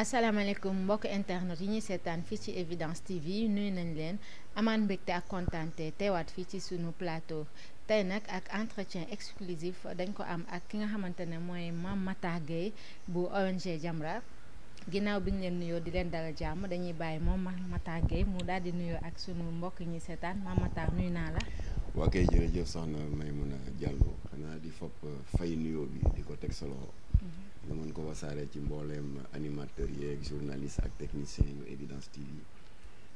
asalaamaaleykum mbokk internet yi ñuy seetaan fii ci Evidence TV nuyu nañ leen amaan mbégte ak kontaante teewaat fii ci sunu plateau tey nag ak entretien exclusif dañ ko am ak ki nga xamante ne mooy maam Matar Gueye bu ONG Jamra ginnaaw bi ñu leen nuyoo di leen dala jàmm dañuy bàyyi moom Mame Matar mu daal di nuyoo ak sunu mbokk ñuy seetaan Mame Matar nuyu naa la. waa kay jërëjëf soxna Maimouna Diallo xanaa di fopp fay nuyoo bi di ko teg sa loxo nga mën ko wasaare ci mbooleem animateurs yeeg journalistes ak techniciens yu Evidence TV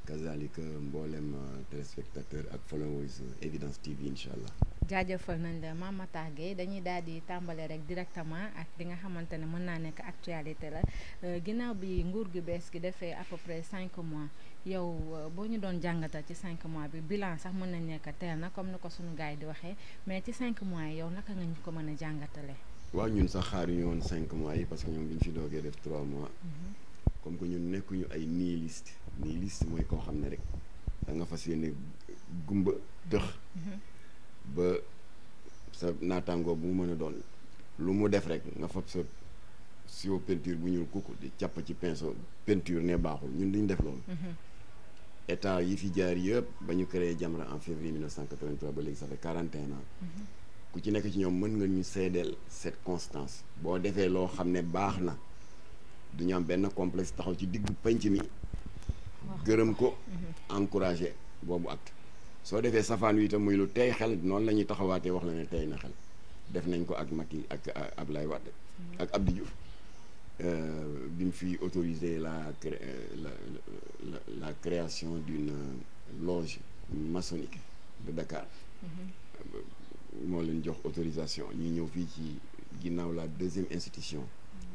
kazalika mbooleem euh, téléspectateur ak followers Evidence TV incha allah jaajëfal nañ la Mame Matar Gueye dañuy daal di tàmbale rek directement ak li nga xamante ne mën naa nekk actualité la euh, ginnaaw bi nguur gi bees gi defee à peu près cinq mois yow euh, boo ñu doon jàngatal ci cinq mois bi bilan sax mën nañ nekk teel na comme ni ko suñu gars yi di waxee mais ci cinq mois yi yow naka nga ñu ko mën a jàngatale waaw ñun sax xaaruñu woon cinq mois yi que ñoom bi ñu fi doogee def trois mois mm-hmm. comme que ñun nekkuñu ay nii nihiliste mooy koo xam ne rek da nga fas yéene gumba tëx mm-hmm. ba sa naataangoo bu mu mën a doon lu mu def rek nga fab sa siwo peinture bu ñuul kukk di càpp ci pinceau peinture ne baaxul ñun duñ def loolu mm-hmm. état yi fi jaar yëpp ba ñu créé Jamra en février 1983 ba léegi ça fait 41 ans ku ci nekk ci ñoom mën nga ñu seedeel cette constance boo defee loo xam ne baax na du ñu am benn complexe taxaw ci diggu penc mi gërëm ko mhm. encouragé boobu acte soo defee safaan wi te muy lu tey xel noonu la ñuy taxawaatee wax la ne tey na xel def nañ ko ak Macky ak Ablaye Wade mhm. ak Abdou Diouf euh, bi mu fi autorisé euh, la la création d'une loge maçonnique de Dakar. Mhm. moo leen jox autorisation ñu ñëw fii ci ginnaaw la deuxième institution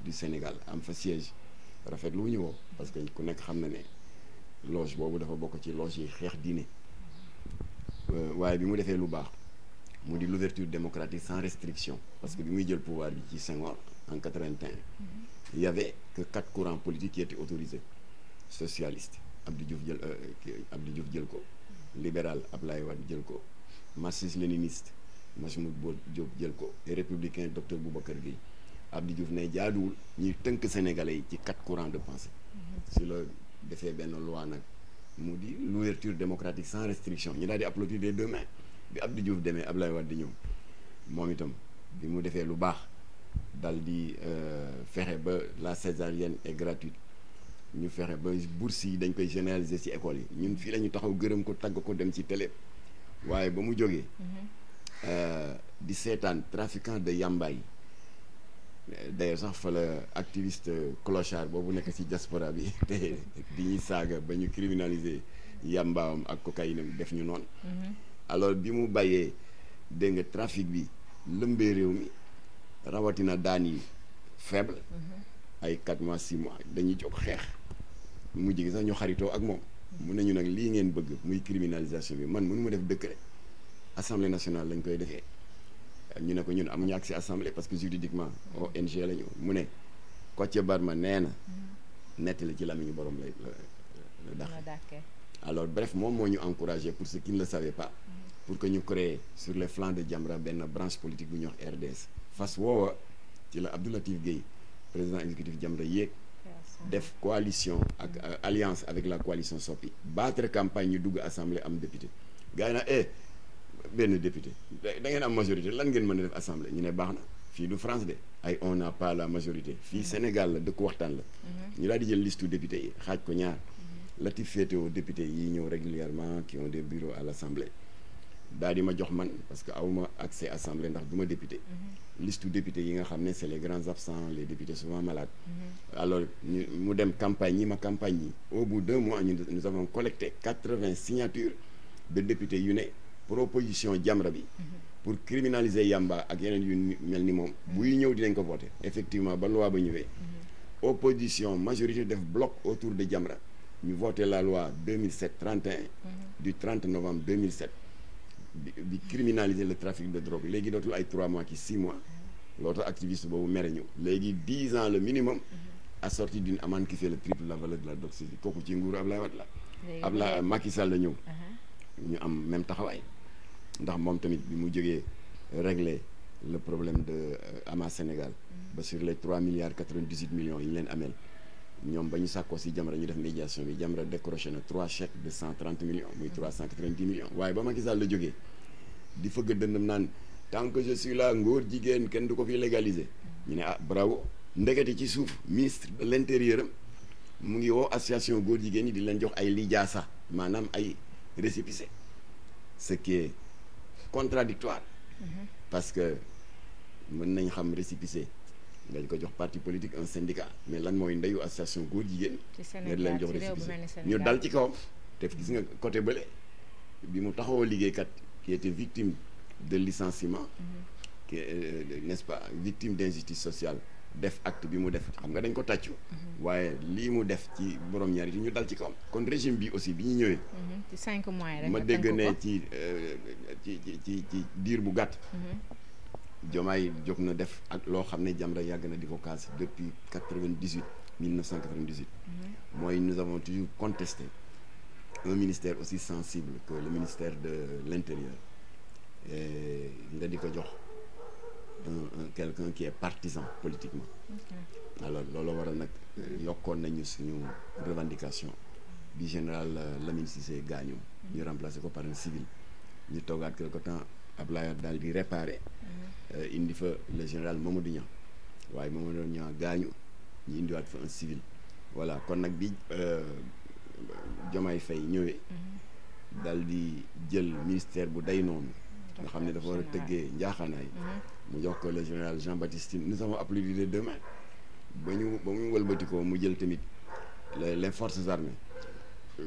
du Sénégal am fa siège rafet lu ñu woo parce que ku nekk xam na ne loge boobu dafa bokk ci loge yi xeex diine euh, waaye bi mu defee lu baax mu di l'ouverture démocratique sans restriction parce que bi muy jël pouvoir bi ci Senghor en 81 il y avait que quatre courants keeti qui étaient autorisés socialiste Abdou Diouf jël euh, Abdou Diouf jël ko libéral Ablaye Wade jël ko marxiste léniniste Majhemout Bou Diop jël ko républicain docteur Boubacar gi Abdou Diouf ne jaaduwul ñuy tënk sénégalais yi ci quatre courant de pensée. Mhm. si la defee benn loi nag mu di l'ouverture démocratique sans restriction ñu daal di applaudir des deux mains bi Abdou Diouf demee Abdoulaye Wade di ñëw moom itam bi mu defee lu baax dal di euh, fexe ba la césarienne est gratuite. ñu fexe ba bourse yi dañ koy généraliser ci école yi ñun fii la ñu taxaw gërëm ko tagg ko dem ci télé waaye ba mu jógee mhm. Euh, di seetaan trafiquant de yamba yi sax fa activiste clochard boobu nekk ci diaspora bi te di ñuy saaga ba ñu criminaliser yambaam ak cocaïne am def ñu noonu. Mhm. alors bi mu bàyyee dégg nga trafic bi lëmbee réew mi rawatina daan yi faible. Mhm. ay 4 mois 6 mois dañuy jóg xeex mu gi sax ñu xaritoo ak moom. Mhm. mun nañu nag lii ngeen bëgg muy criminalisation bi man mënu ma def décret assemblée nationale lañu koy defee ñu ne ko ñun amuñu accès assemblée parce que juridiquement ONG la ñu mu ne Kocc Barma nee na mm-hmm. nett la ci lamiñu borom lay la dàqee alors bref moom moo ñu encouragé pour ceux qui ne le savaient pas mm-hmm. pour que ñu créer sur les flancs de Jamra benn branche politique bu ñuy wax RDS fas woowa ci la Abdou Latif Guèye président exécutif Jamra yéeg def coalition ak euh, alliance avec la coalition Sopi battre campagne ñu dugg assemblée am député benn député da ngeen am majorité lan ngeen mën a def assemblée ñu ne baax na fii du France de ay on n'a pas la majorité fii mhm. Sénégal la dëkk waxtaan la mhm. ñu daal jël liste député yi xaaj ko ñaar mhm. Latif féetewoo député yi ñëw régulièrement qui ont des bureaux à l'assemblée daal ma jox man parce que awuma accès assemblée ndax du ma député liste yi nga xam ne c'est les grands absents les députés souvent malades alors mu dem campagne yi ma campagne yi au bout proposition Jamra bi pour criminaliser yamba ak yeneen yu mel ni moom mm-hmm. buy ñëw dinañ ko voter effectivement ba loi ba ñëwee mm-hmm. opposition majorité def bloc autour de Jamra ñu voté la loi 2007 31 mm-hmm. du 30 novembre 2007 bi criminaliser le trafic de drogue léegi dootul ay 3 mois ki 6 mois loo tax activiste boobu mere ñu léegi 10 ans le minimum assorti d'une amende qui fait le triple la valeur de la drogue saisie kooku ci nguuru Ablaye Wade la Ablaye Macky Sall la ñëw uh-huh. ñu ndax moom tamit bi mu jógee régler le problème de euh, ama Sénégal mm-hmm. ba sur les trois milliards quatre-vingt-dix-huit millions yi ñu leen ameel ñoom ba ñu sàkkoo si Jamra ñu def médiation bi Jamra décroché na trois chèques de cent trente millions muy trois cent quatre-vingt-dix millions waaye ba Macky Sall la jógee di fëgg dëndam naan tant que je suis là ngóor jigéen kenn du ko fi légaliser mm-hmm. ñu ne ah bravo ndekete ci suuf ministre de l'intérieur mu ngi woo association góor jigéen yi di leen jox ay lijaasa maanaam ay récépissé ce qui contradictoire mhm. parce que mën nañ xam récépissé nga ko jox parti politique un syndicat mais lan mooy ndeyu association góor jigéen nga di leen jox récépissé ñu dal ci kawam te gis nga côté bële bi mu taxawoo liggéeykat qui était victime de licenciement ness mhm. euh, n'est-ce pas victime d'injustice sociale def acte bi mu def xam nga dañ ko tàccu mhm. waaye lii mu def ci borom ñaar yi ñu dal ci kawam kon régime bi aussi bi ñu ñëwee mhm. ci cinq ma dégg ne euh, ci ci ci ci diir bu gàtt jomaay mhm. jóg na def ak loo xam ne Jamra yàgg na di ko kaas depuis quatre-vingt-dix-huit mille neuf cent quatre-vingt-dix-huit mooy nous avons toujours contesté un ministère aussi sensible que le ministère de l'intérieur nga di ko jox un quelqu'un qui est partisan politiquement okay. alors loolu waral nag euh, yokkoon nañu suñu revendication bi général euh, Lamine Cissé gaañu ñu remplacé ko par un civil ñu toogaat quelque temps Ablaye dal di réparé mhm. euh, indi fa le général Mamadou Niang waaye Mamadou Niang gaañu ñu indiwaat fa un civil voilà kon nag bi Diomaye Faye ñëwee mhm. dal di jël ministère bu day noonu nga xam ne dafa war a tëggee njaaxaanaay mhm. mu jox ko le général Jean-Baptiste Tine nous avons applaudi les ba ñu ba mu wëlbatikoo mu jël tamit les forces armées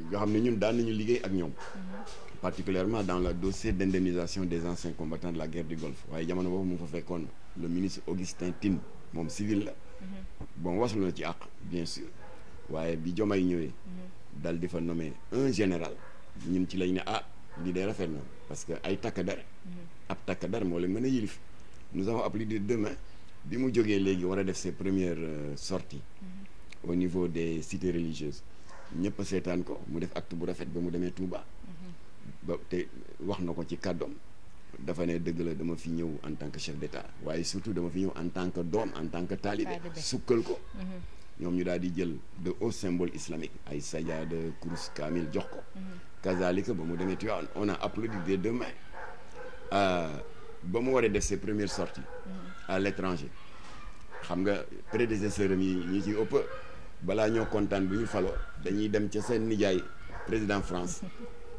nga xam ne ñun daan nañu liggéey ak ñoom mm-hmm. particulièrement dans le dossier d'indemnisation des anciens combattants de la guerre du Golfe waaye jamono boobu mu fa fekkoon le ministre Augustin Tine moom civil la mm-hmm. bon waslu na ci àq bien sûr waaye bi Diomaye ñëwee mm-hmm. dal di fa nommer un général ñun ci lañ ne ah lii day rafet na parce que ay takk der ab takk a nous avons appelé de demain bi mu jógee léegi war a def ses premières euh, sorties mm-hmm. au niveau des cités religieuses ñëpp a seetaan ko mu def acte bu rafet ba mu demee Touba. Mm-hmm. ba te wax na ko ci kàddoom dafa ne dëgg la dama fi ñëw en tant que chef d'État waaye surtout dama fi ñëw en tant que doom en tant que taalibe sukkal ko mm-hmm. ñoom ñu daal di jël de hauts symboles islamiques ay sajaada kurus kaamil jox ko kazalika ba mu demee Tivaouane on a applaudi des deux ba mu waree def ses première sorties à l'étranger xam nga prédécesseur am yi ñi ci ëpp balaa ñoo kontaan bi ñu falo dañuy dem ca seen nijaay président France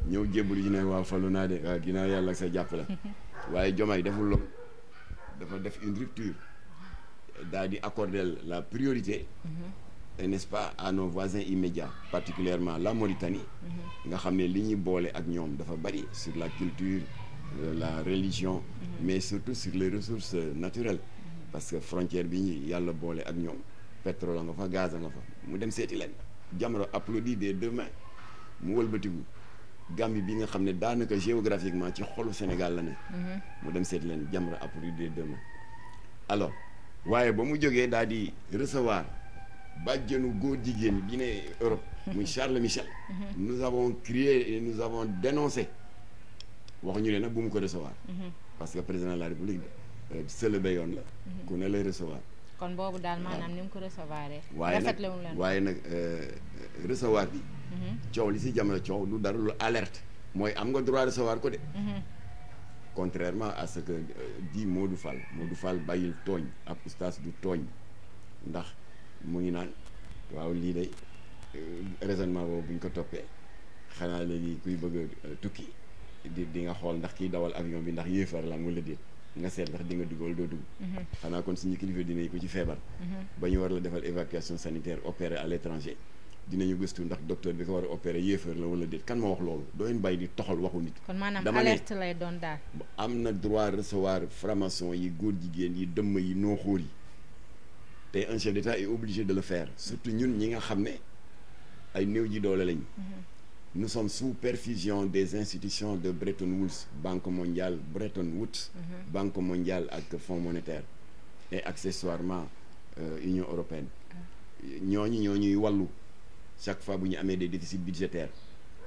ñëw jébbalu ji ne waaw falu naa de waaw ginnaaw yàlla ak sa jàppale waaye Diomaye deful loolu dafa def une rupture daal di accorder la priorité mm-hmm. n'est-ce pas à nos voisins immédiats particulièrement la Mauritanie mm-hmm. nga xam ne li ñuy boole ak ñoom dafa bari sur la culture Euh, la religion mm-hmm. mais surtout sur les ressources naturelles mm-hmm. parce que frontière bi ñu yàlla boole ak ñoom pétrole nga fa gaz nga fa mu dem seeti leen Jamra applaudi de deux mains mu wëlbatiku Gambie bi nga xam ne daanaka géographiquement ci xolu Sénégal la ne mm-hmm. mu dem seeti leen Jamra applaudi des deux alors waaye ba mu jógee daal di recevoir bàjjenu góor jigéen bi ne Europe muy Charles Michel nous avons crié nous avons dénoncé waxuñu ne nag bu mu ko recevoir. Mhm. parce que président de la république sële euh, ba yoon la. Mhm. ku ne lay recevoir. kon boobu daal maanaam ni mu ko recevoir waaye nag waaye euh, euh, bi. Mhm. li si jamono coow mooy am nga droit recevoir ko de. contrairement à ce que dit Modou Fall Modou Fall bàyyil tooñ ab oustaz du tooñ ndax mu ngi naan waaw lii de raisonnement boobu bu ko toppee xanaa léegi kuy bëgg tukki. di di nga xool ndax kiy dawal avion bi ndax yéefar la wala déet nga seet ndax di nga dugg wala doo dugg mhm. xanaa kon suñu kilifa dinañ ko ci feebar mhm. ba ñu war la defal évacuation sanitaire opéré à l'étranger dinañu gëstu ndax docteur bi ko war a opéré yéefar la wala déet kan ma wax loolu dooleen bàyyi di toxal waxu nit kon maanaam alerte lay doon daal am na droit recevoir franc yi góor jigéen yi dëmm yi nooxóor yi te un chef d'État est de le faire surtout ñun ñi nga xam ne ay néew ji doole lañ mhm. nous sommes sous perfusion des institutions de Bretton Woods Banque mondiale Bretton Woods mm Banque mondiale ak Fonds monétaire et accessoirement euh, Union européenne ah. ñooñu ñoo ñuy chaque fois bu ñu amee des déficits budgétaires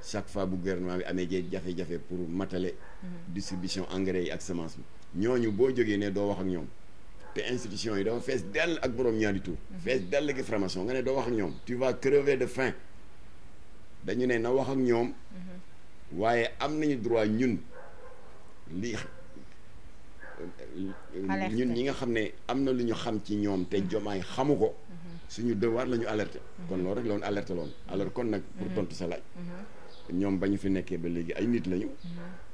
chaque fois bu gouvernement bi amee jee jafe-jafe pour matale mhm. distribution engrais yi ak semence bi ñooñu boo jógee ne doo wax ak ñoom te institutions yi dafa fees dell ak borom ñaari tur mhm. fees dell gi formation nga ne doo wax ak ñoom dañu ne na wax ak ñoom mm-hmm. waaye am nañu droit ñun li ñi nga xam ne am na lu ñu xam ci ñoom te mm-hmm. jomaay xamu ko mm-hmm. suñu devoir la ñu alerter kon loolu rek la woon alerter loon alors kon nag pour tontu sa laaj ñoom ba ñu fi nekkee ba léegi ay nit lañu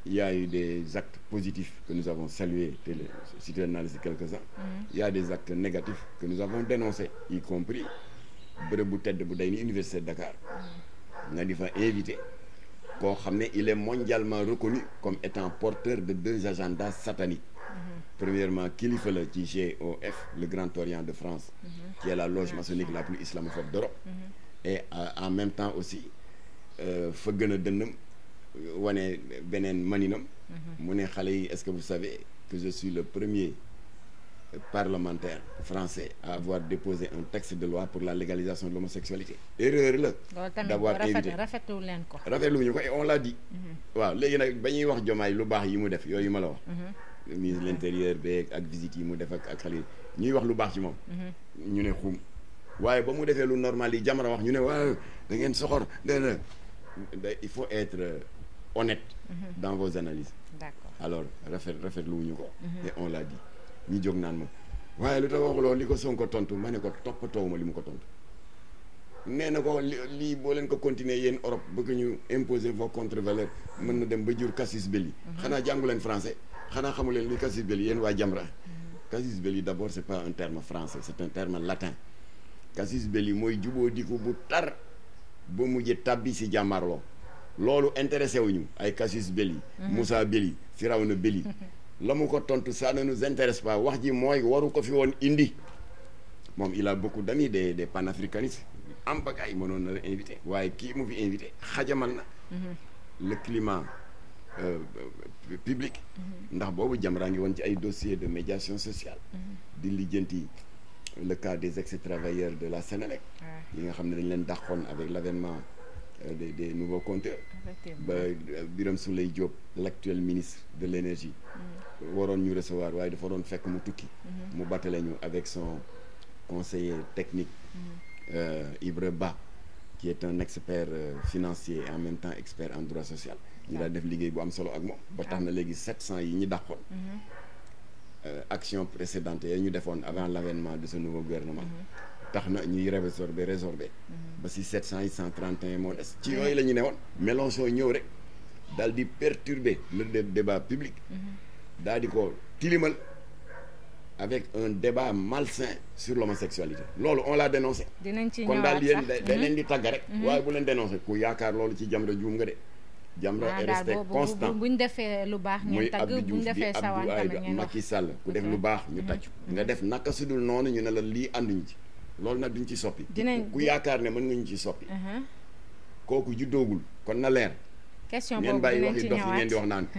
il y a eu des actes positifs que nous avons salués te cité naa la si quelques-uns il y a des actes négatifs que nous avons dénoncés y compris bërëb bu tedd bu day ni université Dakar nga di fa invité koo xam ne il est mondialement reconnu comme étant porteur de deux agendas sataniques mm-hmm. premièrement kilifa la ci GOF le Grand Orient de France mm-hmm. qui est la loge maçonnique la plus islamophobe d'Europe mm-hmm. et euh, en même temps aussi fa gën a dënnam wane beneen maninam mu ne xale yi est-ce que vous savez que je suis le premier parlementaire français à avoir déposé un texte de loi pour la légalisation de l'homosexualité erreur la d'avoir évité rafetlu leen ko rafetlu ñu ko et on l'a dit mhm. waaw léegi nag ba ñuy wax jomaay lu baax yi mu def yooyu ma la wax mhm. ministre de l'intérieur beeg ak visite yi mu def ak ak xale yi ñuy wax lu baax ci moom mhm. ñu ne xum waaye ba mu defee lu normal yi Jamra wax ñu ne waaw da ngeen soxor da il faut être euh, honnête dans vos analyses d'accord alors rafet rafetlu ñu ñu jóg naan ma waaye lu tax waxuloo li ko Sonko tontu ma ne ko toppatoo ma li mu ko tontu nee na ko li lii boo leen ko continuer yéen Europe bëgg ñu imposer vos contre-valeurs mën na dem ba jur casus belli mhm. xanaa jàngu leen français xanaa xamu leen li casus belli yéen waa Jamra casus belli d'abord c'est pas un terme français c'est un terme latin casus yi mooy juboo diku bu tar ba mujj tàbbi si jàmmarloo loolu intéressé wuñu ay casus belli mhm. Moussa belli Firawna la mu ko tontu ça ne nous wax ji mooy waru ko fi woon indi moom il a beaucoup d'amis de des panafricanistes am ba ay mënoon na la invité waaye kii mu fi invité xajamal na. Mm-hmm. le climat euh, public. Mm-hmm. ndax boobu Jamra ngi woon ci ay dossiers de médiation sociale. Mm-hmm. di lijjanti le cas des ex-travailleurs de la Sénélec. yi nga xam ne dañ leen dàqoon avec l'avènement euh, des des nouveaux compteurs. ba euh, Birame Souleye l'actuel ministre de l'énergie. waroon ñu recevoir waaye dafa doon fekk mu tukki mhm. mu battale ñu avec son conseiller technique mhm. euh, Ibra Ba qui est un expert euh, financier et en même temps expert en droit social ñu daal def liggéey bu am solo ak moom ah. ba tax na léegi sept cent yi ñu dàqoon mhm. euh, action précédente yi ñu defoon avant l'avènement de ce nouveau gouvernement tax na ñuy résorber résorber ba si sept cent yi cent trente et un moo des ci yooyu la ñu newoon Mélenchon ñëw rek daal di perturber le débat public daal di ko tilimal avec un débat malsain sur l'homosexualité loolu on l'a dénoncé kon daal di yéen da leen di tàgg rek mhm. waaye bu leen dénoncé ku yaakaar loolu ci Jamra juum nga de Jamra ah, est constant buñ defee lu baax muy Abdou Diouf di Abdou Aïda Macky Sall ku def lu baax ñu mhm. tàcc nga def naka sudul noonu ñu ne la lii ànduñu ci loolu nag duñ ci soppi ku yaakaar ne mën ngañu ci soppi mhm. kooku juddoogul kon na leer question boobu ngeen bàyyi wax yi ngeen di wax naan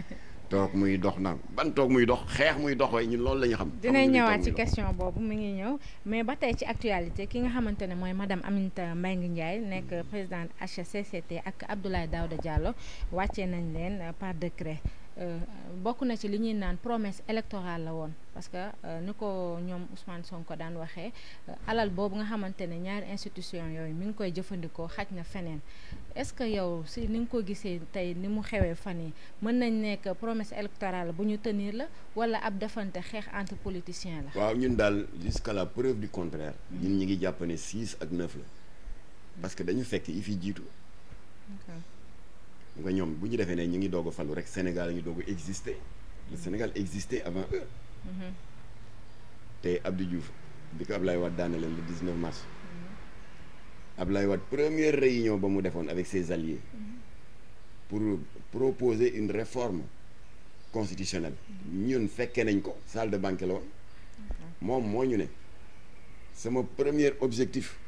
toog muy dox naan ban toog muy dox xeex muy dox waaye ñun loolu la ñu xam. dinañ ñëwaat ci question boobu mu ngi ñëw mais ba tey ci actualité ki nga xamante ne mooy madame Aminata ngi Ndiaye nekk président présidente HCCT ak Abdoulaye Daouda Diallo wàccee nañ leen par décret. Euh, bokk na ci li ñuy naan promesse électorale la woon parce que euh, ni ko ñoom Ousmane ko daan waxee euh, alal boobu nga xamante ne ñaari institution yooyu mi ngi koy jëfandikoo xaj na feneen est-ce que yow si ni nga ko gisee tey ni mu xewee fan yi mën nañ nekk promesse électorale bu ñu tenir la wala ab defante xeex entre politiciens la. waaw ñun daal jusqu'à la preuve du contraire. ñun ñi ngi jàpp ne ak neuf la. parce que dañu fekk yi fi jiitu. nga ñoom bu ñu defee ne ñu ngi doog a falu rek Sénégal ñu doog a exister Sénégal existait avant eux mhm. te Abdou Diouf bi ko Ablaye Wade daane leen le 19 mars mhm. Ablaye Wade première réunion ba mu defoon avec ses alliés mhm. pour proposer une réforme constitutionnelle ñun fekkee nañ ko salle de banquet la woon moom moo ñu ne sama première objectif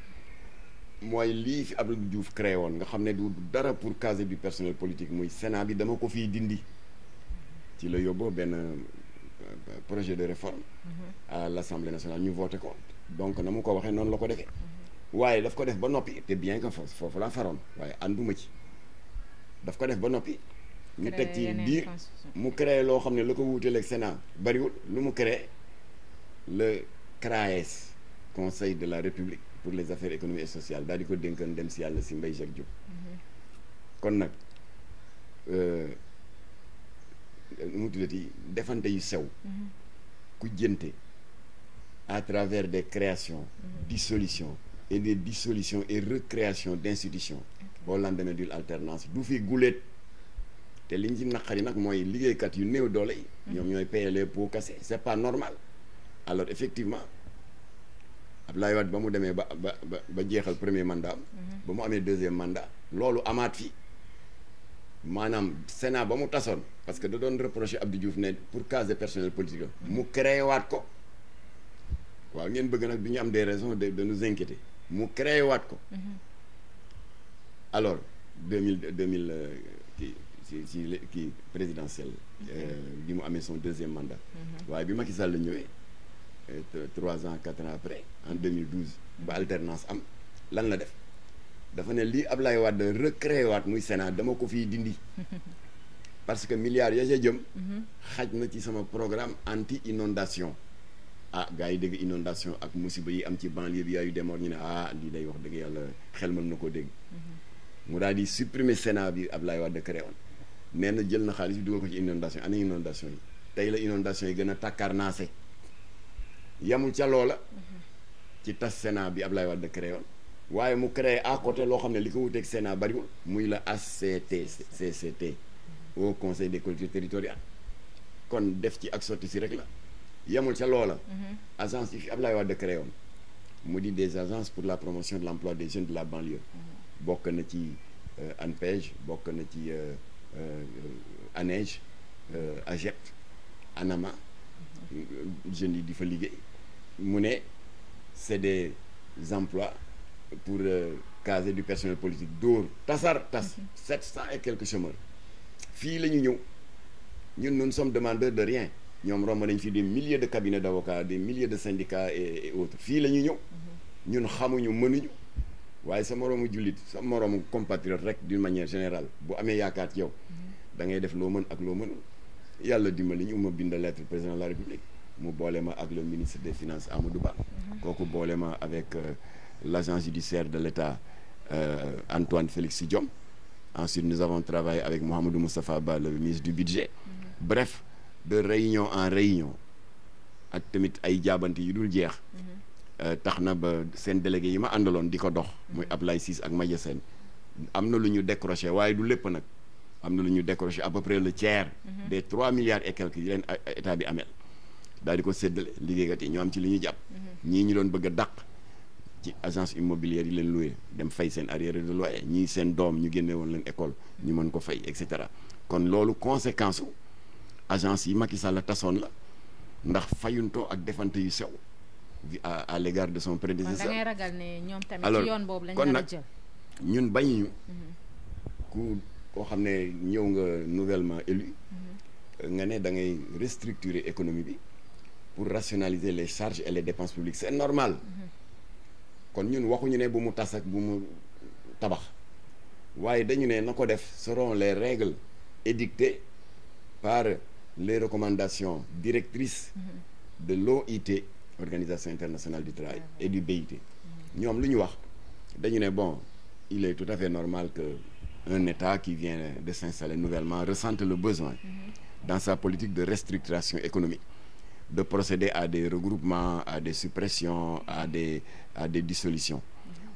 mooy lii fi ab Diouf créé woon nga xam ne du dara pour caser bi personnel politique muy sena bi dama ko fiy dindi ci la yóbboo benn euh, projet de réforme mm-hmm. à l'Assemblée nationale ñu voté ko donc na mu ko waxee noonu la ko defee mm-hmm. waaye daf ko def ba noppi te bien que foofu foofu laa faroon waaye ànduma ci daf ko def ba noppi ñu teg ci biir mu créé loo xam ne la ko wuuteel ak Sénat bariwul lu mu créé le CRAES conseil de la république pour les affaires économiques et sociales daal di ko dénkoon dem si yàlla si Mbaye Jacques Diop mhm. kon nag euh, defante yu sew mhm. ku jënte à travers des créations mhm. dissolutions et des dissolutions et recréations d'institutions au lendemain d'une alternance du fi guléet te liñ ci naqari nag mooy liggéeykat yu néew doole yi ñoom ñooy payer les pots c'est pas normal alors effectivement Abdoulaye Wade ba mu demee ba ba ba jeexal premier mandat mhm. ba mu amee deuxième mandat loolu amaat fi maanaam Sénat ba mu tasoon parce que da doon reproché Abdou Diouf ne pour case de personnel politique mu créé waat ko waaw ngeen bëgg nag du ñu am des raisons de de nous mu créé waat ko mhm. alors deux mille deux mille euh, kii si si kii présidentielle euh, bi mu amee son deuxième mandat mhm. waaye bi Macky Sall la ñëwee Euh, trois ans quatre ans après en 2012 ba alternance am lan la def dafa ne lii Ablaye Wade recréé waat muy Sénat dama ko fiy dindi parce que milliards ya ca jëm mhm. xaj na ci sama programme anti inondation ah gars yi dégg inondation ak musiba yi am ci banlieue bi yaayu demoon ñu ne ah lii day wax dëgg yàlla xel ma na ko dégg mhm. mu daal di supprimer Sénat bi Ablaye Wade créé woon nee na jël na xaalis bi dugal ko ci inondation ana inondation yi tey la inondation yamul ca loola ci tas Sénat bi Ablaye Wade créé woon waaye mu créé à côté loo xam ne li ko wuteeg Sénat bariwul muy la ACT CCT au conseil de collectivités territoriales kon def ci ak sotti si rek la yamul ca loola mhm. agence yi fi Ablaye Wade créé woon mu di des agences pour la promotion de l'emploi des jeunes de la banlieue mhm. bokk na ci euh, ANPEJ bokk na ci euh, euh, ANEJ AGET ANAMA mhm. jeunes yi di fa liggéey mu ne c'est des emplois pour euh, caser du personnel politique dóor tasar tas sept cent et quelques chômeurs fii la ñu ñëw ñun nous some sommes demandeurs de rien ñoom romb nañ fii des milliers de cabinets d'avocats des milliers de syndicats et autres fii la ñu ñëw mhm. ñun xamuñu mënuñu waaye sa moroomu jullit sa moroomu compatriote rek d'une manière générale bu amee yaakaar ci yow mhm. da ngay def loo mën ak loo mënul yàlla dimbali ñu ma bind lettre président de la république mu boole ma ak le ministre des finances Amadou Ba mhm. kooku boole ma avec du euh, judiciaire de l'État euh, Antoine Félix Diome ensuite nous avons travaillé avec Mouhamadou Moustapha Ba le ministre du budget mhm. bref de réunion en réunion ak tamit ay jaabante yi dul jeex mhm. euh, tax na ba seen délégué yi ma àndaloon di ko dox muy Ablaye Ciss ak Maja Sène am na lu ñu décroché waaye du lépp nag am na lu ñu décroché à peu près le tiers des trois milliards et quelques yi leen état bi daal di ko séddale liggéeykat yi ñoo am ci li ñu jàpp. Mm-hmm. ñii ñu doon bëgg a dàq ci agence immobilière yi leen loué dem fay seen arriéré de loyer ñii seen doom ñu génne woon leen école ñu mën ko fay et cetera kon loolu conséquence su agence yi Macky Sall tasoon la ndax fayuntoo ak defante yu sew à à l'égard de son prédécesseur. da ngay ragal ne ñoom tamit ci yoon boobu lañ nar a ñun bañuñu mm-hmm. ku koo xam ne ñëw nga nouvellement élu. Mm-hmm. ne da ngay restructurer économie bi. pour rationaliser les charges et les dépenses publiques c'est normal kon ñun waxuñu ne bu mu tas ak bu mu tabax waaye dañu ne na ko def selon les règles édictées par les recommandations directrices de l'OIT organisation internationale du travail ah, et du BIT ñoom lu ñu wax dañu ne bon il est tout à fait normal que un État qui vient de s'installer nouvellement ressente le besoin mhm. dans sa politique de restructuration économique de procéder à des regroupements à des suppressions à des à des dissolution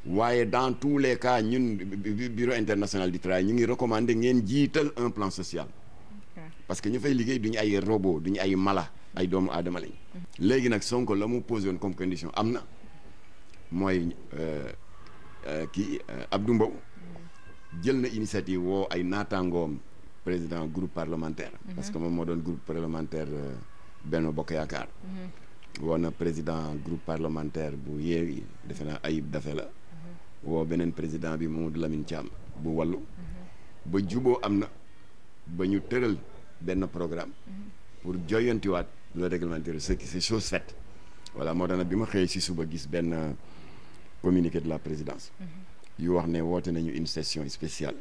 waaye dans tous les cas ñun bureau international du travail ñu ngi recommander ngeen jiital un plan social parce que ñu fay liggéey du ñu ay robo du ñu ay mala ay doomu aadama lañ mhm. léegi nag Sonko la mu posé woon comme condition am na mooy euh, euh, kii euh, Abdou Mbow mhm. jël na initiative woo ay naataangoom président groupe parlementaire mhm. parce que moom moo doon groupe parlementaire benn Bokk Yaakaar. Mm-hmm. woo na président groupe parlementaire bu Yewwi defe naa Ayib Daffé la. Mm-hmm. woo beneen président bi moom Mamadou Lamine Thiam bu Wallu. Mm-hmm. ba juboo am na ba ñu tëral benn programme. pour joyantiwaat le réglementaire ce qui c'est chose faite. voilà moo tax na bi ma xëyee ci suba gis benn communiqué de la présidence. yu wax ne woote nañu une session spéciale.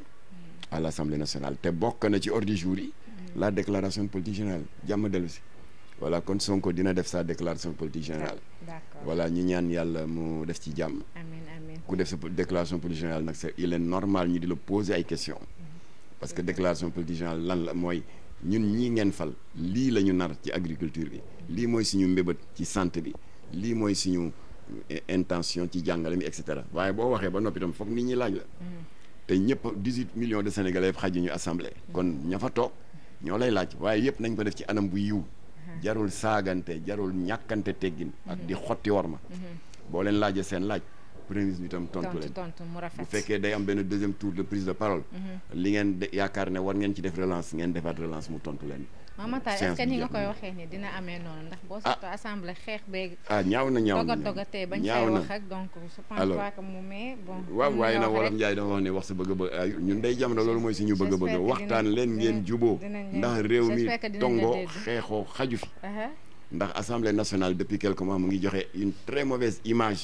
à l'Assemblée nationale te bokk na ci ordre du jour yi. la déclaration de politique générale jàmm dellu voilà kon Sonko dina def sa déclaration politique générale. Ah, d'accord voilà ñu ñaan yàlla mu def ci jàmm. ku def sa déclaration politique générale nag c'est il est normal ñu di la poser ay question mm-hmm. parce que déclaration politique générale lan la mooy ñun ñii ngeen fal lii la ñu nar ci agriculture bi. lii mooy suñu mbébét ci santé bi. lii mooy suñu eh, intention ci jàngale bi et cetera waaye boo waxee ba noppi tam foog nit ñi laaj la. Mm-hmm. te ñëpp dix-huit million de sénégalais yëpp xaj ñu assemblée. kon ña fa toog ñoo lay laaj waaye yëpp nañ ko def ci anam bu yiw. jarul saagante jarul ñàkkante teggin ak di mhm. xotti war ma mhm. boo leen laajee seen laaj premier ministre bi tontu leen bu fekkee day am benn deuxième tour de prise de parole mhm. li ngeen yaakaar ne war ngeen ci def relance ngeen defaat relance mu tontu leen Mama Tall est-ce que ni nga koy waxee ni dina amee noonu ndax boo ah. seetloo assemblée xeex beeg. ah ñaaw na ñaaw na dogat dogatee bañ waaw waaye nag wolof Njaay dama wax ne wax sa bëgg bëgg ay ñun day jamono loolu mooy suñu bëgg bëgg waxtaan leen ngeen juboo ndax réew mi tongoo xeexoo xaju fi uh-huh. ndax assemblée nationale depuis quelques mois mu ngi joxe une très mauvaise image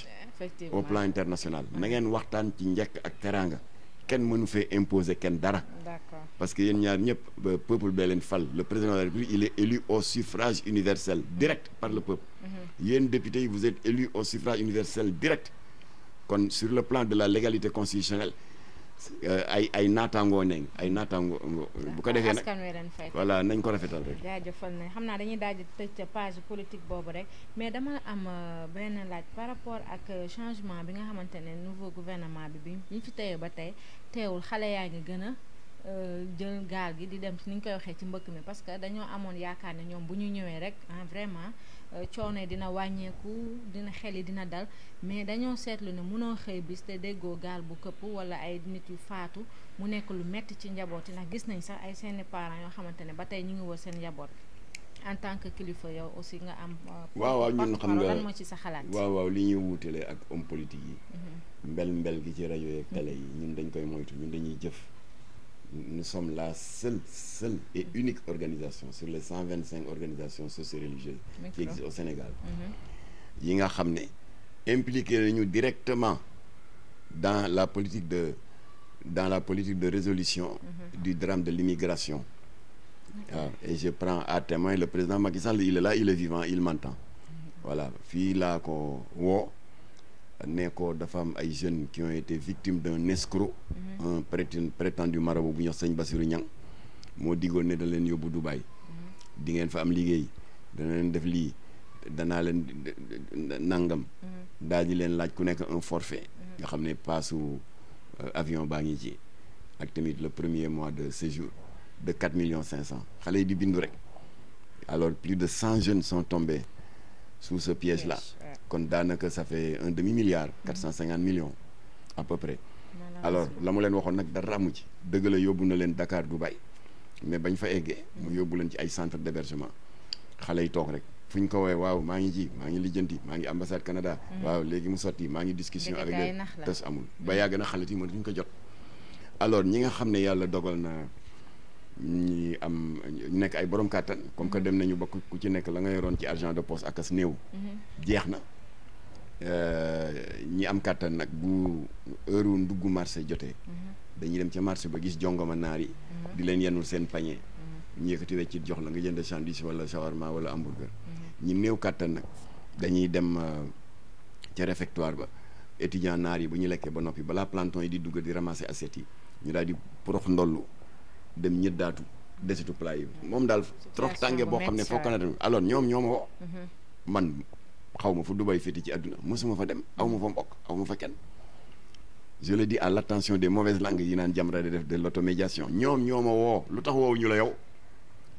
au plan international na ngeen waxtaan ci njëkk ak teraanga kenn mënu fee imposer kenn dara. d'accord parce que yéen ñaar ñëpp peuple bee fal le président de la République il est élu au suffrage universel direct par le peuple. Mhm. yéen député yi vous êtes élu au suffrage universel direct. kon sur le plan de la légalité constitutionnelle. ay ay naataangoo nañ ay naataangoo bu ko defee nag voilà nañ ko rafetal rek. jaajëfal nañ xam naa dañuy daal di tëj page politique boobu rek mais dama am euh, benn laaj par rapport ak euh, changement bi nga xamante ne nouveau gouvernement bi bi ñu fi teyee ba tey teewul xale yaa ngi gën a euh, jël gaal gi di dem ni ñu koy waxee ci mbëkk mi parce que dañoo amoon yaakaar ne ñoom bu ñu ñëwee rek vraiment. Euh, coono yi dina wàññeeku dina xel yi dina dal mais dañoo seetlu ne mënoo xëy bis te déggoo gaal bu këpp wala ay nit yu faatu mu nekk lu metti ci njaboot yi ndax gis nañ sax ay seeni parent yoo xamante ne ba tey ñu ngi wër seen njaboot en tant que kilifa yow aussi nga am. Euh, waaw waaw ñun xam nga lan moo ci sa xalaat. waaw waaw li ñuy wuutale ak homme politique yi. Mhm. mbel mbel gi ci rajo yeeg télé yi ñun dañ koy moytu ñun dañuy jëf. nous sommes la seule, seule et mm-hmm. unique organisation sur les 125 organisations socio-religieuses qui existent au Sénégal. Mm-hmm. yi nga xam ne impliqué nañu directement dans la politique de dans la politique de résolution mm-hmm. du drame de l'immigration waaw ah, et je prends à témoin le président Macky il est vivant il m'entend voilà fii laa ko woo ne ko dafa am ay jeunes qui ont été victimes d'un escroc mhm. un prétendu marabout bu ñuy wax sëñ Bassirou moo diggoon ne da leen yóbbu Dubaï mhm. di ngeen fa am liggéey dana leen def lii danaa leen nangam mhm. daal di leen laaj ku nekk un forfait nga xam ne paasu euh, avion baa ngi ci ak tamit le premier mois de séjour de quatre millions cinq cent xale yi di bindu rek alors plus de cent jeune sont tombés su ce piège là kon daanaka ça fait un demi milliard quatre cent cinquante millions à peu près alors la mu leen waxoon nag dara amu ci dëgg la yóbbu na leen dakaar Dakar Dubaï mais bañ fa egge mu yóbbu leen ci ay centre d'hébergement xale yi toog rek fu ñu ko woowee waaw maa ngi ji maa ngi lijjanti maa ngi ambassade Canada hmm. waaw léegi mu sotti maa ngi discussion avec tes amul ba yàgg na xale yi mën duñ ko jot alors ñi nga xam ne yàlla dogal na ñi am ñu nekk ay borom kàttan comme que mm-hmm. dem nañu ba ku ci nekk la nga yoroon ci argent de poste ak néew. Mm-hmm. jeex na ñi am kàttan nag bu heure wu ndugg marché jotee. Mm-hmm. dañuy dem ca marché ba gis jongoma naar yi. di leen yenul seen panier. ñu yëkkati weccit jox la nga jënd sandwich wala shawarma wala hamburger. ñi néew kàttan nag dañuy dem euh, ca réfectoire ba étudiant naar yi bu ñu lekkee ba noppi balaa planton yi di dugg di ramasser assiette yi ñu daal di prox ndollu. dem ñëddaatu desitu plat yi moom daal trop tànge boo xam ne fokk na dem alors ñoom ñoo ma woo mhm. man xaw fu Dubaï féete ci àdduna mosuma fa dem aw ma fa mbokk aw ma fa kenn je la dis à l' attention des mauvaises langues yi naan Jamra di def de l' automédiation ñoom ñoo ma woo lu tax woowu ñu la yow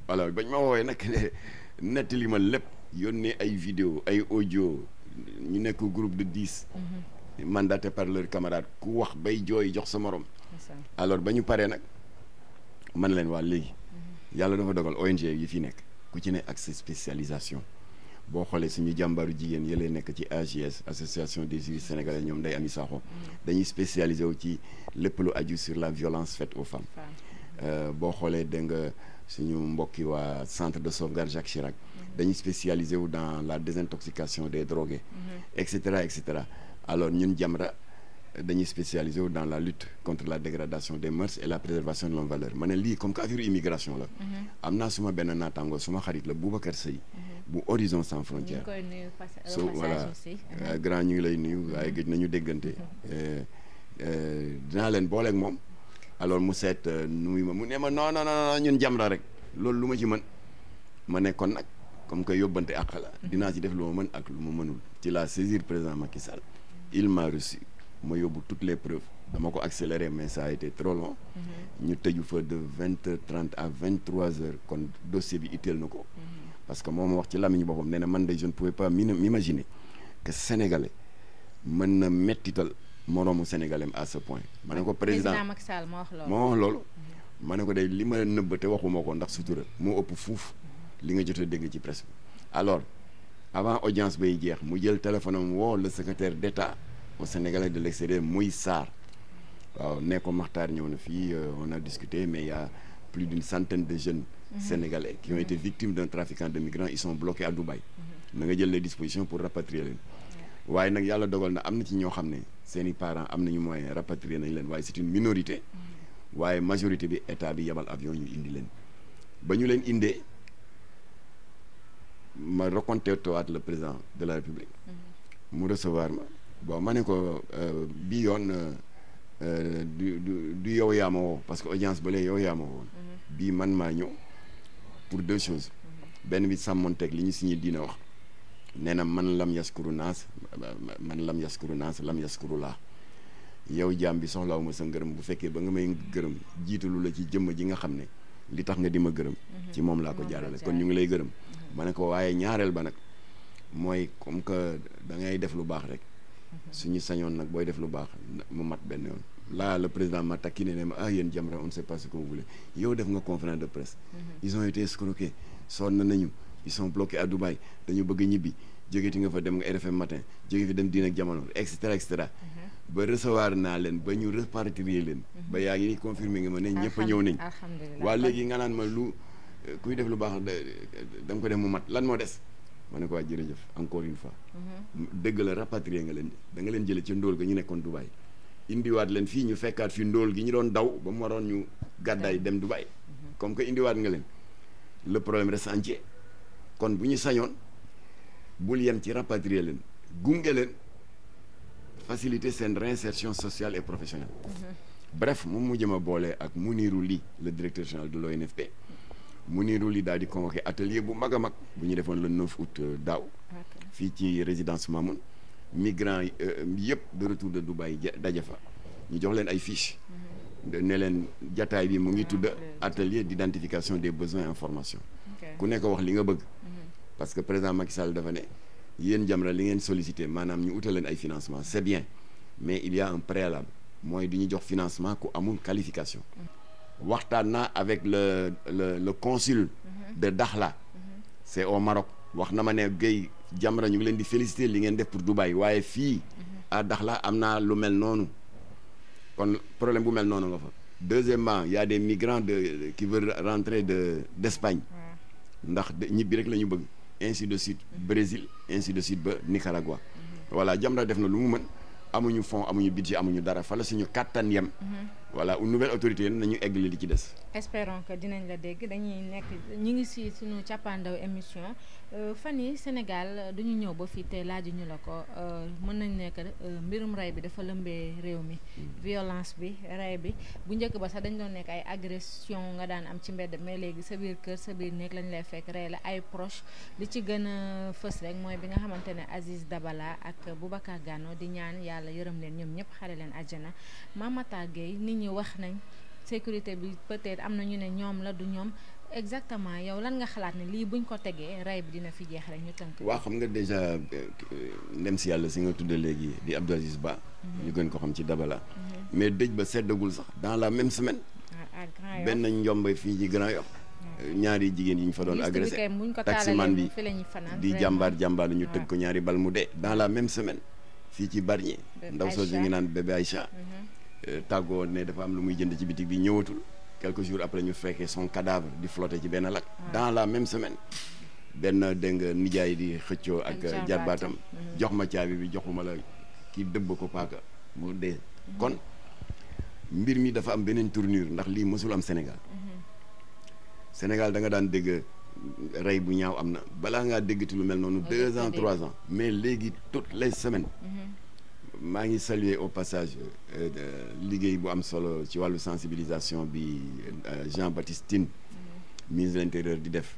alors bañ ma woowee nag nettali ma lépp yónnee ay vidéo ay audio ñu nekk groupe de dix mhm. mandaté par leur camarade ku wax bay jooy jox sa morom alors ba ñu paree man leen waa léegi yàlla dafa dogal ONG yi fi nekk ku ci ne ak sa spécialisation boo xoolee suñu jàmbaaru jigéen yëlee nekk ci AJS association des juristes sénégalais ñoom day ami saaxo mm. dañuy spécialisé wu ci lépp lu aju sur la violence faite aux femmes euh, boo xoolee da nga suñu mbokki waa centre de sauvegarde Jacques Chirac mm-hmm. dañuy spécialisé wu dans la désintoxication des drogués mm-hmm. et cetera alors ñun Jamra dañuy spécialisé wu dans la lutte contre la dégradation des mœurs et la préservation de nos valeurs ma ne lii comme que affaire immigration la. Mhm. am naa suma benn naataango suma xarit la Boubacar Seye. Mhm. bu Horizon sans frontières. so voilà euh, mhm. grand ñu ngi lay nuyu waaye gëj nañu déggante. Euh, euh, dinaa leen booleeg moom. alors mu seet nu muy ma mu ne ma non non non ñun Jamra rek loolu lu ma ci mën ma nekkoon nag comme que yóbbante àq la dinaa ci def lu ma mën ak lu ma mënul ci la saisir président Macky Sall m'a ma yóbbu toutes les preuves dama ko accéléré mais ça trop long. Mhm. ñu tëju fa de vingt heures trente à vingt trois heures kon dossier bi itteel na ko. Mhm. parce que moom wax ci làmmiñu boppam nee na man de je ne pouvais pas m'imaginer que sénégalais mën na mettital moroomu sénégalais à ce point. ma ne ko président président Macky Sall moo wax loolu. moo mhm. ma ne ko de li ma nëbb te waxuma ko ndax sutura moo ëpp fuuf li nga jot a dégg ci presse bi alors avant audience bay jeex mu jël téléphone am woo le secrétaire aux Sénégalais de l'extérieur Moïse Sarr waaw ne ko Maxtaar ñëw na fii euh, on a discuté mais il y a plus centaine de jeunes mhm. sénégalais qui ont été victimes d'un trafiquant de migrants ils sont bloqués à Dubaï mhm. na nga jël les dispositions pour rapatrier leen waaye nag yàlla dogal na am na ci ñoo xam ne seeni parent am nañu moyen rapatrier nañ leen waaye c'est minorité mhm. waaye majorité bi état bi yabal avion ñu indi leen ba ñu leen indee ma raconté waat le président de la république bon ma ne ko euh, bii yoon euh, du du du yow yaa ma woo parce que audience ba léegi yow yaa woon mhm. bii man maa ñëw pour deux choses mhm. benn bi sàmmonteeg li ñu signé diina wax nee na man lam yaskuru naas man lam yaskuru naas lam yaskuru laa yow jaam bi soxlaawu ma sa ngërëm bu fekkee ba nga may gërëm jiitalu la ci jëmm ji nga xam ne li tax nga di ma gërëm mhm. ci moom laa ko jaarale kon ñu ngi lay gërëm ma ne ko waaye ñaareel ba nag mooy comme que da ngay def lu baax rek suñu sañoon nag booy def lu baax mu mat benn yoon là le président m'a taquiné ne ma ah yéen Jamra on ne sait pas ce que vous voulez yow def nga conférence de presse mhm. ils ont été escroqués sonn nañu ils sont bloqués à Dubaï dañu bëgg ñibbi jógeti nga fa dem nga RFM matin jóge fi dem diin ak jamono et cetera et cetera mhm. ba recevoir naa leen ba ñu repartir leen mhm. ba yaa ngi confirmé nga ma ne ñëpp a ñëw nañ waa léegi nga naan ma lu kuy def lu baax da nga ko def mu mat lan moo des ma ne ko waa jërëjëf encore une fois. Mhm. dëgg la rapatrier nga leen da nga leen jëlee ci ndóol ga ñu nekkoon Dubaï. indiwaat leen fii ñu fekkaat fi ndóol gi ñu doon daw ba mu waroon ñu gàddaay dem Dubaï. Mhm. comme que indiwaat nga leen le problème reste entier kon bu ñu sañoon bul yem ci rapatrier leen gunge leen faciliter seen réinsertion sociale et professionnelle. Mhm. bref mu jëm a boolee ak mu Mounirou Ly le directeur général de l'ONFP mu Mounirou Ly daal di convoqué atelier bu mag a mag bu ñu defoon le 9 août euh, daaw. fii ci résidence Mamoun. migrants yi euh, euh, yëpp de retour de du bàyyi daje fa ñu jox leen ay fiches. Mm-hmm. ne leen jataay bi mu ngi tudd mm-hmm. atelier d'identification des besoins en formation. ku nekk wax li nga bëgg. Mm-hmm. parce que président Macky Sall dafa ne yéen Jamra li ngeen sollicité maanaam ñu utal leen ay financement c'est bien mais il y a préalable mooy du ñu jox financement ku amul qualification. waxtaan na avec le le le consul mhm. de Dakhla mhm. c'est au Maroc wax na ma ne Guèye Jamra ñu ngi leen di féliciter li ngeen def pour Dubaï waaye fii mhm. à Dakhla am naa lu mel noonu kon problème bu mel noonu nga fa deuxièmement y a des migrants de qui veulent rentrer de d'Espagne ndax ñibbi rek lañu ñu bëgg ainsi de suite Brésil ainsi de suite ba Nicaragua voilà Jamra def na lu mu mën amuñu fond amuñu budget amuñu dara fa la suñu kattan yem voilà une nouvelle autorité nañu eggali di ci des. espérons que dinañ la dégg dañuy nekk ñu ngi si suñu cappaandaw émission. Euh, fan yi Sénégal euh, du ñu ñëw ba fii te laaju ñu la ko euh, mën nañ nekk mbirum rey bi dafa lëmbee réew mi mm. violence bi rey bi bu njëkk ba sax dañ doon nekk ay agression nga daan am ci mbedd mais léegi sa biir kër sa biir néeg lañ lay fekk rey la ay proche li ci gën a fës rek mooy bi nga xamante ne Aziz Dabala ak bu Boubacar Gano di ñaan yàlla yërëm leen ñoom ñëpp xare leen àjjana Mamata Gueye nit ñi wax nañ sécurité bi peut-être am na ñu ne ñoom la du ñoom exactement yow lan nga xalaat ne lii buñ ko tegee ray bi dina fi jeex rek ñu tënk. waaw xam nga déjà euh, ndem si yàlla si nga tudde léegi di Abdou Aziz Ba. Mhm. ñu gën ko xam ci Dabala. Mhm. mais dëj ba seddagul sax dans la même semaine. benn njombe fii ci Grand Yoff euh, ñaari jigéen yi ñu fa doon agressé taximan bi di jàmbaar jàmbaar ñu tëgg ko ñaari bal mu dee dans la même semaine fii ci Bargny ndaw soosu ñu ngi naan bébé Aïcha mhm. euh, tàggoo ne dafa am lu muy jënd ci bitig bi ñëwatul quelques jours après ñu fekkee son cadavre di flotter ci benn lac. Ah. dans la même semaine. benn dégg nga nijaay di xëccoo ak. jarbaatam mm-hmm. jox ma caabi bi ma la kii dëbb ko paaka mu dee. Mm-hmm. kon mbir mi dafa am beneen tournure ndax lii mësul am senegal mm-hmm. Sénégal da nga daan dégg rey bu ñaaw am na balaa ngaa déggati lu mel noonu. deux ans trois ans mais léegi tout les semaines. maa ngi saluer au passage euh, liggéey bu am solo ci wàllu sensibilisation bi euh, Jean Baptiste Tine mm-hmm. ministre de l'intérieur di def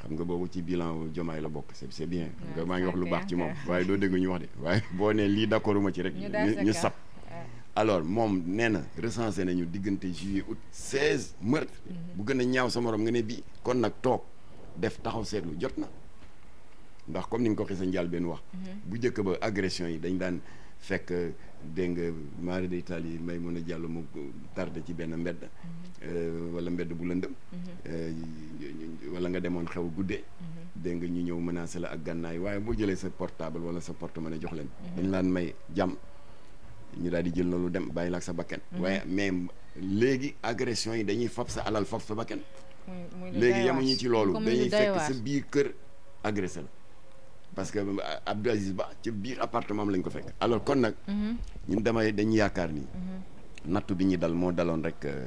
xam nga boobu ci bilan jomaay la bokk c'est bien maa ngi wax lu baax ci moom waaye doo dégg ñu wax de waaye boo ne lii d'accorduma ci rek ñu sab alors moom nee na recensé nañu diggante juillet août seize meurtres mm-hmm. bu gën a ñaaw sa morom nga ne bi kon nag toog def taxaw seetlu jot na ndax comme ni nga ko waxee sa njaal benn wax. Mhm. bu njëkk ba agression yi dañ daan fekk dégg nga mari d'Italie may mën a jàll mu tardé ci benn mbedd. Mhm. Euh, wala mbedd bu lëndëm. Mhm. Euh, wala nga demoon xew guddee. dégg nga ñu ñëw mën menacé la ak gànnaay waaye boo jëlee sa portable wala sa porte-monnaie jox leen. dañ laan may jàmm ñu daal di jël lu dem bàyyi la ak sa bakken. waaye mais léegi agression yi dañuy fab sa alal fab sa bakken. léegi yemuñu ci loolu dañuy fekk sa biir kër parce que euh, Abdou Aziz Ba ci biir appartement am lañ ko fekk. alors kon nag. Mhm. ñun damay dañu yaakaar ni. Mhm. nattu bi ñu dal moo daloon rek euh,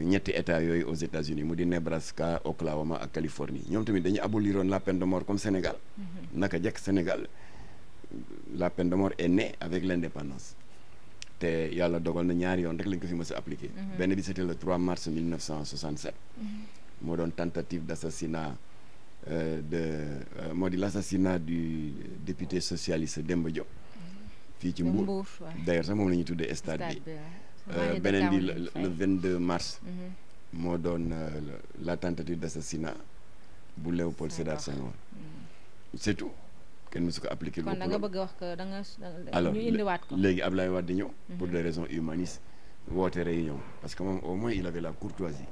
ñetti état yooyu aux États-Unis mu di Nebraska Oklahoma ak Californie ñoom tamit dañu aboliroon la peine de mort comme Sénégal. Mhm. naka jekk Sénégal la peine de mort est née avec l'indépendance. te yàlla dogal na ñaari yoon rek lañ ko fi mës a appliqué. benn bi c'était le 3 mars 1967. moo doon tentative d'assassinat. Euh, de euh, moo di l'assassinat du député socialiste Demba Diop. fii ci Mbour d'ailleurs sax moom la ñuy tuddee stade bi euh, beneen bi le 22 mars mhm. moo doon la tentative d'assassinat bu Léopold Sédar Senghor mhm. c'est tout kenn mësu ko appliqué. kon da nga bëgg a wax que da nga alors léegi Ablaye Wade ñëw. pour mhm. des raisons humanistes woote réunion parce que moom au moins il avait la courtoisie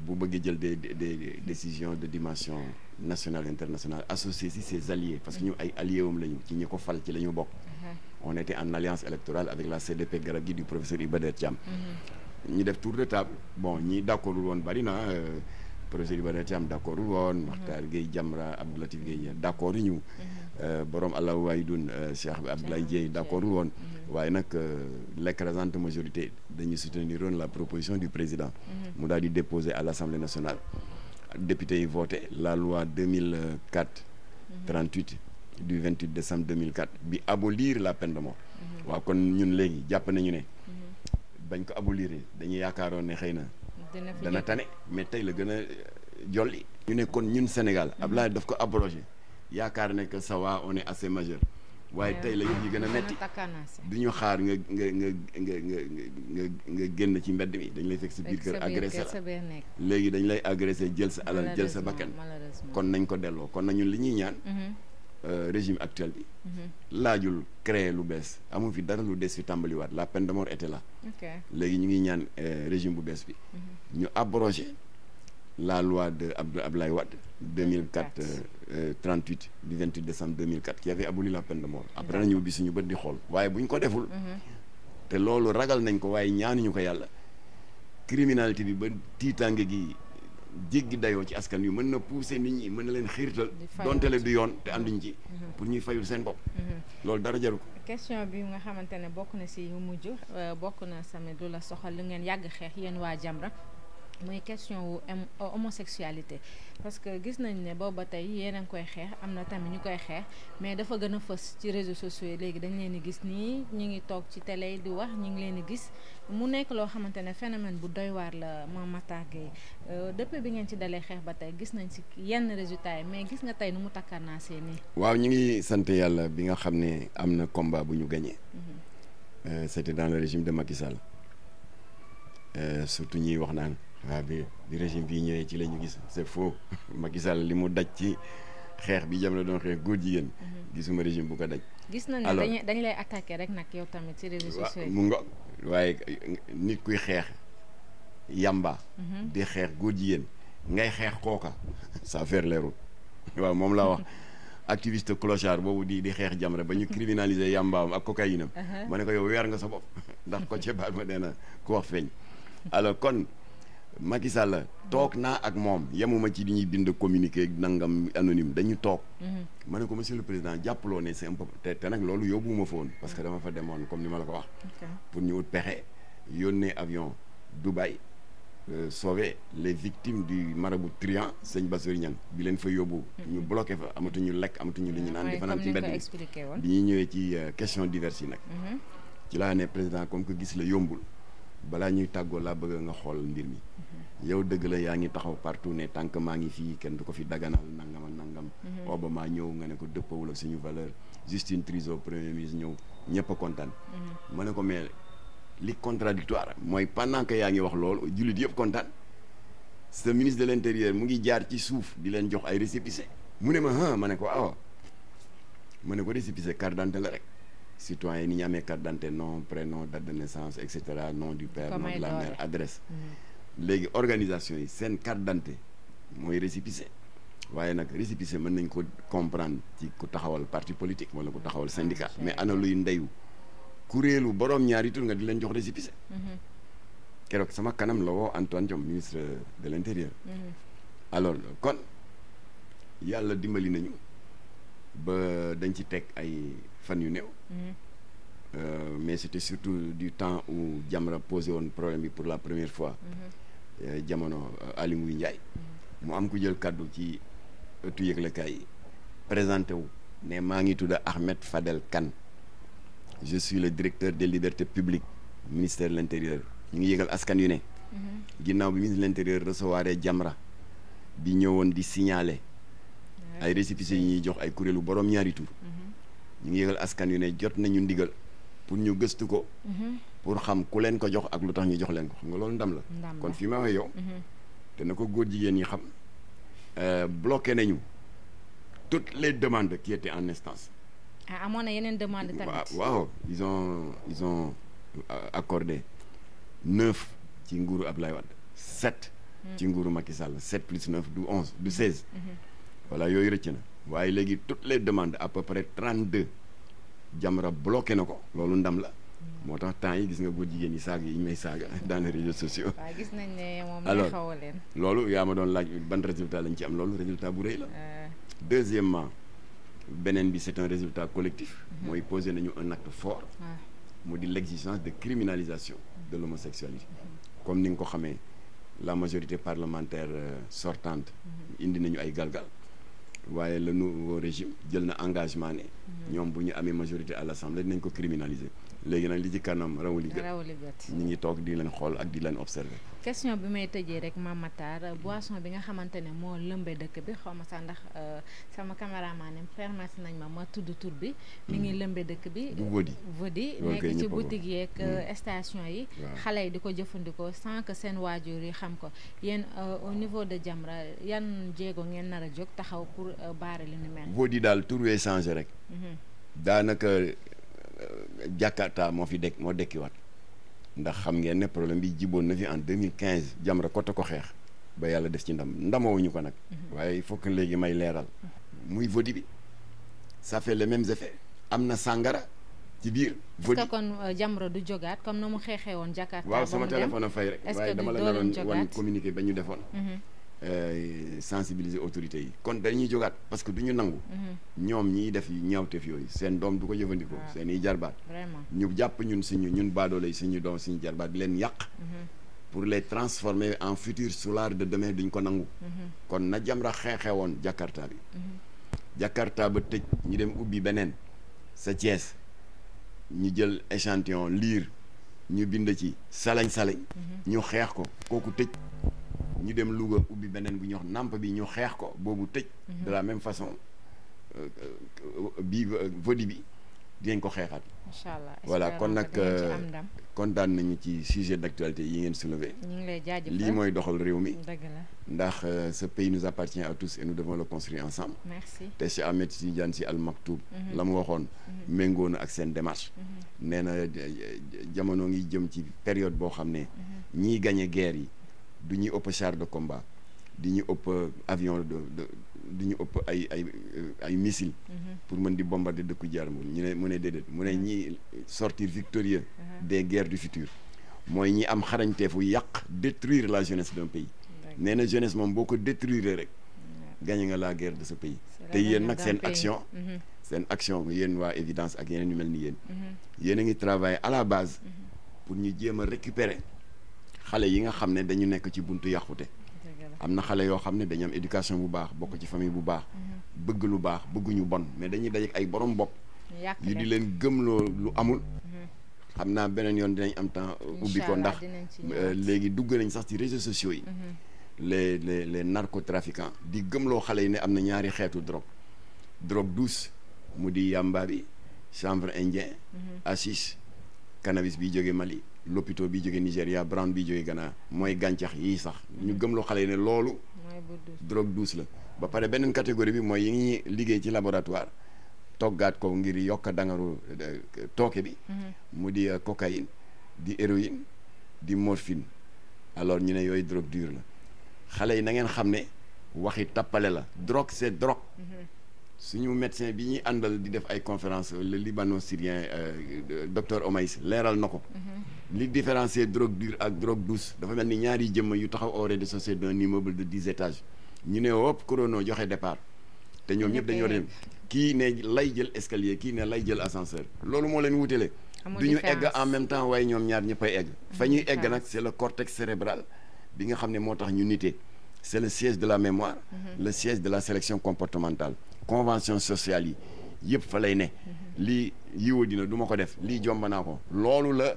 bu bëggee jël des des décisions de dimension nationale internationale associé si ses alliés parce que ñu ay alliés wam la ci ñi ko fal ci la bokk mm-hmm. on était en alliance électorale avec la CDP garab gi du professeur Iba Der mm-hmm. ñu def tour de table bon ñi d'accordul woon bari euh, professeur Ibrahima Thiam d' accord woon Maxtaar Gueye Jamra Abdou Latif Gueye d' accord euh, borom allah waay dun euh, Cheikh Abdoulaye Dieye d' woon mm-hmm. waaye nag euh, l' écrasante majorité dañu soutenir woon la proposition du président mm-hmm. mu daal di déposer à l' assemblée nationale député yi voté la loi 2004 38 mm-hmm. du 28 décembre 2004 bi abolir la peine de mort waa kon ñun léegi jàpp nañu ne bañ ko abolir dañuy yaakaaroon ne xëy na dana tane mais tey la gën a euh, jolli ñu ne kon ñun Sénégal mm-hmm. laa daf ko abrogé yaakaar ne que ça va on est assez majeur waaye tey la yëf yi gën a metti du ñu xaar nga nga nga nga nga nga génn ci mbedd mi dañ lay fekk si biir kër agressé la léegi dañ lay agressé jël sa alal jël sa bakkan kon nañ ko delloo kon nañu li ñuy ñaan mm-hmm. Euh, régime actuel bi. Mhm. laajul créer lu bees amul fi dara lu des fi tàmbaliwaat la peine de mort était là. léegi ñu ngi ñaan euh, régime bu bees bi. Mhm. ñu abroger la loi de Abdou Abdoulaye Wade. 2004 38 euh, du 28 décembre 2004 qui avait aboli la peine de mort. après nañu ubbi suñu bët di xool waaye bu ñu ko deful. Mhm. te loolu ragal nañ ko waaye ñaanuñu ko yàlla criminalité bi ba tiitaange gi. jéggi dayoo ci askan yu mën na pousser nit ñi mën na leen xiirtal doontele du yoon te ànduñ ci mm-hmm. pour ñuy fayul seen bopp mm-hmm. loolu dara jaru question bi nga xamante ne bokk na si mujj euh, bokk na sama du la soxal lu ngeen yàgg xeex yéen waa Jamra muy question wu euh, homosexualité parce que gis nañ ne booba tey yéen a ngi koy xeex am na tamit ñu koy xeex mais dafa gën a fës ci réseau sociaux yi léegi dañ leen di gis nii ñu ngi toog ci télé yi di wax ñu ngi leen di gis mu nekk loo xamante ne phénomène bu doywaar waar la ma Matar Gueye euh, bi ngeen ci dalee xeex ba tey gis nañ si yenn résultat yi mais gis nga tey nu mu naa takkarnaasee nii waaw ñu ngi sant yàlla bi nga xam ne am na combat bu ñu gagné mhm. euh, c'était dans le régime de Macky Sall surtout ñuy wax naan waaw bi bi régime bii ñëwee ci la ñu gis c'est faux Macky Sall li mu daj ci xeex bi jam la doon xeex góor jigéen mhm. gisuma régime bu ko daj gis nañ ne dañu lay attaqué rek nag yow tamit ci réseaux sociaux yi mu waaye nit kuy xeex yamba mhm. di xeex góor jigéen ngay xeex kooka ça faire leerul waaw moom laa wax activiste clochard boobu di di xeex Jamra ba ñu criminaliser yambaam ak cocaïne am uh-huh. ma ne ko yow weer nga sa ndax ko ci ma nee na ku wax feeñ alors kon Macky Sall toog naa ak moom yemuma ci li ñuy bind communiqué nangam anonyme dañu toog. Mhm. ma ne ko monsieur le président jàppaloo ne c'est un peu te te nag loolu yóbbuwuma foon parce que dama fa demoon comme ni ma la ko wax. pour ñu wut pexe yónnee avion Dubaï euh, sauver les victimes du bu trian sëñ Bassirou Niang bi leen fa yóbbu. Mhm. ñu bloqué fa amatuñu lekk amatuñu li ñu naan. di fanaan ci mbedd bi ñuy ñëwee ci euh, question diverses yi nag. Mhm. ci laa ne président comme que gis la yombul balaa ñuy tàggoo laa bëgg nga xool mbir mi. yow dëgg la yaa ngi taxaw partout ne tant que maa ngi fii kenn du ko fi daganal nangam ak nangam. Mhm. Oba maa ñëw nga ne ko dëppawul ak suñu valeur Justine Trizo premier ministre ñëw ñëpp a mhm. ma ne ko mais li contradictoire mooy pendant yaa ngi wax loolu jullit yëpp kontaan sa ministre de l' intérieur mu ngi jaar ci suuf di leen jox ay récépissé mu ne ma ah ma ne ko ah ma ne ko récépissé carte d'identité la rek. citoyen ni ñu amee carte d'identité nom prénom naissance et cetera nom du père nom de la léegi organisation yi seen carte d'identité mooy récépissé waaye nag récépissé mën nañ ko comprendre ci ku taxawal parti politique wala ku taxawal syndicat ah, mais ana luy ndeyu kuréelu boroom ñaari tur nga di leen jox récépissé mhm. keroog sama kanam la woo Antoine Diome ministre de l'intérieur mhm. alors kon yàlla dimbali nañu ba dañ ci teg ay fan yu néew mhm. euh, mais c'était surtout du temps où Jamra posé woon problème bi pour la première fois Euh, jamono euh, Aly Ngouille Ndiaye mu am ku jël kaddu ci ëttu yëglekaay yi wu ne maa ngi tudd Ahmed Fadel kan je suis le directeur des libertés publique ministère de l'intérieur ñu ngi yëgal askan yu ne mhm. ginnaaw bi ministre de l'intérieur recevoir Jamra bi ñëwoon di signaler ay récépissés yu ñuy jox ay kuréelu boroom ñaari tur mhm. ñu ngi yëgal askan yu ne jot nañu ndigal pour ñu gëstu ko mhm. pour xam ku leen ko jox ak lu tax ñu jox leen ko xam nga loolu ndam la. kon fi ma waxee yow. Mhm. te na ko góor jigéen ñi xam. Euh, bloqué nañu toutes les demandes qui étaient en instance. ah amoon na yeneen demande tamit. waaw ils ont ils ont euh, accordé neuf ci nguuru Abdoulaye Wade sept. ci mhm. nguuru Macky Sall sept plus neuf du onze du seize. Mhm. voilà yooyu rëcc na waaye léegi toutes les demandes à peu près trente deux Jamra bloqué na ko loolu ndam la. moo tax temps yi gis nga góor jigéen yi saaga yi ñu may saaga dans les réseaux sociaux. waaw gis nañ ne moom alors loolu yaa ma doon laaj ban résultat lañ ci am loolu résultat bu rëy la. Euh. deuxièmement beneen bi c'est un résultat collectif. Mhm. mooy posé nañu un acte fort. mu di l'exigence de criminalisation de l'homosexualité mhm. comme ni nga ko xame la majorité parlementaire euh, sortante. Mhm. indi nañu ay galgal. waaye le nouveau régime jël na engagement ne. ñoom bu ñu amee majorité à l'Assemblée dinañ ko criminaliser. léegi nag li ci kanam rawu li gët ngi toog di leen xool ak di leen observer question bi may tëjee rek Mame Matar boisson bi nga xamante ne moo lëmbee dëkk bi xaw ma sax ndax euh, sama caméraman ne permettre nañ ma ma tudd tur bi mi ngi hmm. lëmbee dëkk bi bu vodi vodi nekk ci boutique yeeg euh, hmm. station yi xale yi di ko jëfandikoo sans que seen waajur yi xam ko yéen euh, au niveau de Jamra yan jéego ngeen nar a jóg taxaw pour baare li ni mel vodi daal tur wee changé rek hmm. Jakarta moo fi dekk moo dekkiwaat ndax xam ngeen ne problème bi jiboon na fi en 2015 Jamra kott ko xeex ba yàlla def ci ndam ndamawuñu ko nag. Mhm. waaye il faut léegi may leeral. muy vodi bi sa fait les mêmes am na sàngara ci biir. vodi est-ce que kon euh, Jamra du jogaat comme na mu xeexee woon. Jakarta waaw sama téléphone a fay rek. waaye dama la naroon wan communiqué ba ñu defoon. Mhm. Euh, sensibiliser autorité yi kon dañuy jógaat parce que du ñu nangu mm-hmm. ñoom ñiy def ñaawteef yooyu seen doom du ko jëfandikoo ah. seen i jarbaat ñu jàpp ñun suñu ñun baadoole yi suñu doom suñu jarbaat di leen yàq mm-hmm. pour les transformer en futur soulard de deme duñ ko nangu mm-hmm. kon na Jamra xeexee woon Jakarta bi Jakarta ba tëj ñu dem ubbi beneen sa Thiès ñu jël échantillon liir ñu bind ci salañ-salañ ñu xeex ko kooku tëj ñu dem Louga ubbi beneen bu ñuy wax nàmp bi ñu xeex ko boobu tëj. Mhm. de la même façon euh, euh, bi euh, vodi bi dinañ ko xeexal incha allah voilà kon nag kontaan nañu ci sujet d'actualité yi ngeen soulevé. ñu mooy doxal réew mi. ndax ce pays nous appartient à tous et nous devons le construire ensemble. te si Ahmed Tidiane si Al Maktoum. Mhm. la mu waxoon mhm. méngoo ak seen démarche. nee na jamono ngi jëm ci période boo xam ne. ñiy gagné guerre yi. du ñu ëpp char de combat di ñu ëpp ñu ëpp ay ay ay missile mhm. pour mën di bombarder dëkku jaarmu ñu ne mu ne déedéet mu ne mhm. ñi sortir victorieux mhm. des guerres du futur mooy ñi am xarañteefu yàq détruire la jeunesse d'un pays nee jeunesse moom boo ko détruire rek gagné nga la guerre de ce pays te yéen nag seen action seen action yéen waa évidence ak yeneen yu mel ni yéen yéen ngi travailler à la base pour ñu jéem a récupérer xale yi nga xam ne dañu nekk ci buntu yàqute am na xale yoo xam ne dañu am éducation bu baax bokk ci famille bu baax mm-hmm. bëgg lu baax bëgguñu bon mais dañuy daje ay borom bopp yu di leen gëmloo lu amul mm-hmm. xam naa beneen yoon dinañ am temps ubbi ko ndax euh, léegi dugg nañ sax ci réseaux sociaux yi mm-hmm. les les les narcotrafiquants di gëmloo xale yi ne am na ñaari xeetu drogue drogue douce mu di yamba bi chanvre indien hashish cannabis bi jóge Mali lopito bi jóge Nigéria brand bi jóge Ghana mooy gàncax yi sax ñu gëmloo xale yi ne loolu drogue douce la ba pare beneen catégorie bi mooy yi ñuy liggéey ci laboratoire toggaat ko ngir yokk dangaru euh, tooke bi mhm. mu di euh, cocaïne di héroïne di morphine alors ñu ne yooyu drogue dure la xale yi na ngeen xam ne waxi tappale la drogue c'est drogue mhm. suñu médecin bi ñuy àndal di def ay conférence le libano syrien euh, docteur Omaïs leeral na ko mhm. li différencier drogue dure ak drogue douce dafa mel ni ñaari jëmm yu taxaw au rez-de-chaussée d'un immeuble de dix étages ñu ne wopp chrono joxe départ te ñoom ñëpp dañoo dem kii ne lay jël escalier kii ne lay jël ascenseur loolu moo leen wutele du ñu egg en même temps waaye ñoom ñaar ñëppay egg fa ñuy egg nag c'est le cortex cérébral bi nga xam ne moo tax ñu nitee c'est le de la mémoire mhm. le siège de la sélection comportementale convention sociale yi yëpp fa lay ne mhm. lii yiwa dina du ma ko def lii jomba naa ko loolu la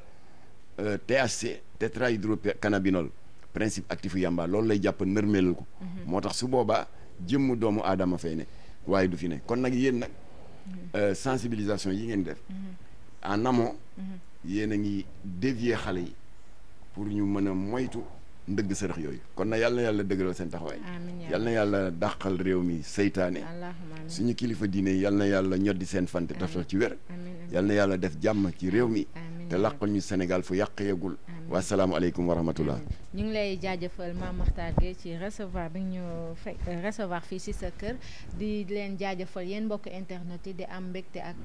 euh, THC tétrahydrocannabinol principe actif yamba loolu lay jàpp nërmeelal ko mhm. moo tax su boobaa jëmm doomu aadama fay ne waaye du fi ne kon nag yéen nag mhm. euh, sensibilisation yi ngeen def en amont yéen a ngi dévier xale yi pour ñu mën a moytu ndëgg sërëx yooyu kon na yàlla na yàlla dëgëral seen taxawaay yàlla na yàlla dàqal réew mi seytaane suñu kilifa diine yàlla na yàlla ñoddi seen fante taftal ci wér yàlla na yàlla def jàmm ci réew mi te làqal ñu Sénégal fu yàq yeegul waa salaamualeykum wa rahmatullah ñu ngi lay jaajëfal Mame Makhtar Gueye ci recevoir bi ñu fekk euh, recevoir fii si sa kër di leen jaajëfal yéen mbokk internet yi di am mbégte ak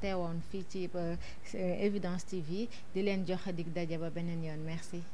te woon fii ci euh, Evidence TV di leen jox dig daje ba beneen yoon merci